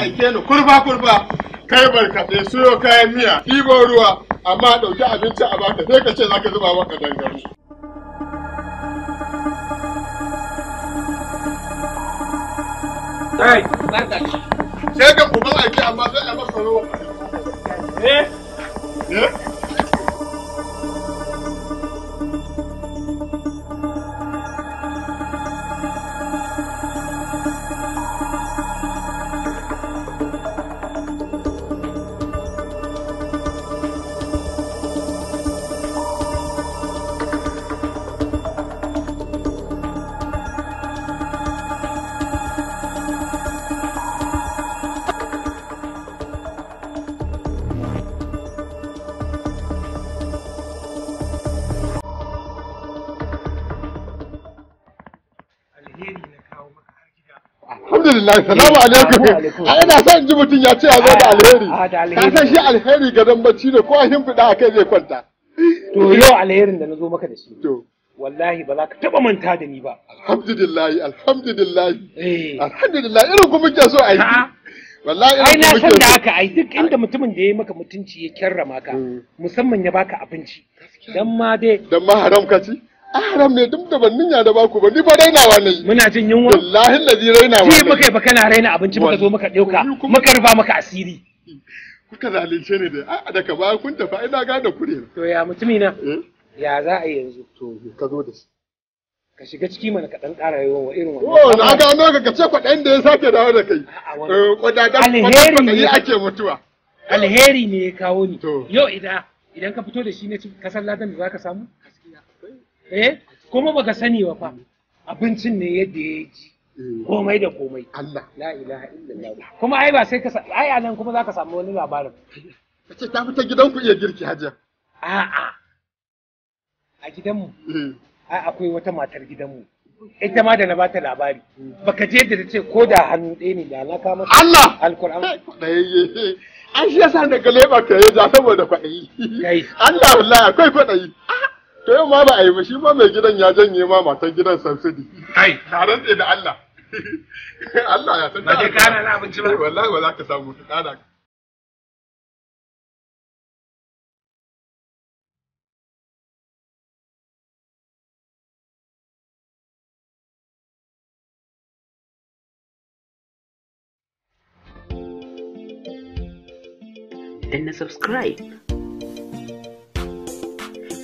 aike ni kurba kurba kai barkaɗe suyo kayan miya ɗibo ruwa amma ɗauki abinci a baka sai ka ce za ka zuba maka dangane. Sai ka alhamdulillah salamu eh, alaikum a ina san ji mutum ya ce ya zo da ah, alheri ah, ka san shi alheri ga dan bacci ne ko a himfida a kai zai kwanta to yau alherin da na zo maka da shi wallahi ba za ka taba manta da ni ba alhamdulillah alhamdulillah eh. alhamdulillah irin kuma muke so a yi wallahi ai na san da haka ai duk inda mutumin da ya yi maka mutunci ya kyarrama ka hmm. musamman ya baka abinci dan ma dai dan ma haram ka ci haram ne duk da bannin ya da baku ba ni fa rainawa ne muna jin yunwa wallahi lazi rainawa ji muka yi fa kana raina abinci muka zo muka dauka muka rufa maka asiri kuka zalunce ne da a daga baya kun tafi ina na gane ku to ya mutumi na eh? ya za a yanzu to ka zo da shi ka shiga ciki mana ka dan ƙara yawan wa irin wannan. Oh, na gano ka kace kwaɗayin da ya sake dawo da kai. Eh, kwadadan kwaɗayi ake mutuwa. Alheri ne ya kawo ni. Yau idan idan ka fito da shi ne kasar ladan da za ka samu? eh kuma baka sani ba fa abincin ne yadda ya ji mm. komai da komai Allah la ilaha illallah kuma ai ba sai ka ai anan kuma zaka samu wani labarin kace ta fita ku iya girki hajiya a'a a gidanmu mm. ai akwai wata matar gidanmu ita ma da na bata labari baka je da ta ce ko da hannu ɗaya ne da alaka masa Allah alkur'an ɗayayye an shi yasa daga leba ka yi ja saboda kwaɗayi Allah wallahi akwai kwaɗayi to yau ma ba a yi ba shi ma mai gidan ya janye ma matan gidan subsidy kai na rantse da Allah Allah ya san ba ka kana na abinci ba wallahi ba za ka samu ka kana Then subscribe.